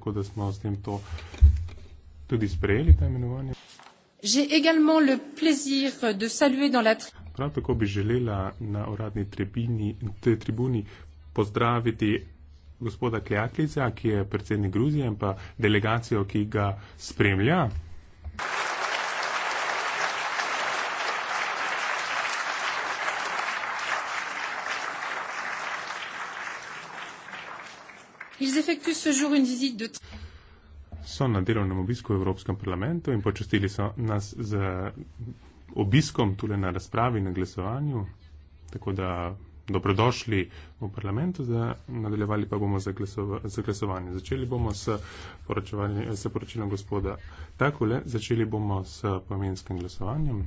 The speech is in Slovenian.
tako da smo s tem to tudi sprejeli, ta imenovanje. Prav tako bi želela na uradni tribini, tribuni pozdraviti gospoda Kljaklica, ki je predsednik Gruzije in pa delegacijo, ki ga spremlja. Ils effectuent ce jour une visite de... So na delovnem obisku v Evropskem parlamentu in počastili so nas z obiskom tule na razpravi, na glasovanju. Tako da dobrodošli v parlamentu, da nadaljevali pa bomo za, glasova, za glasovanje. Začeli bomo s, s poročilom gospoda Takule, začeli bomo s pomenskim glasovanjem.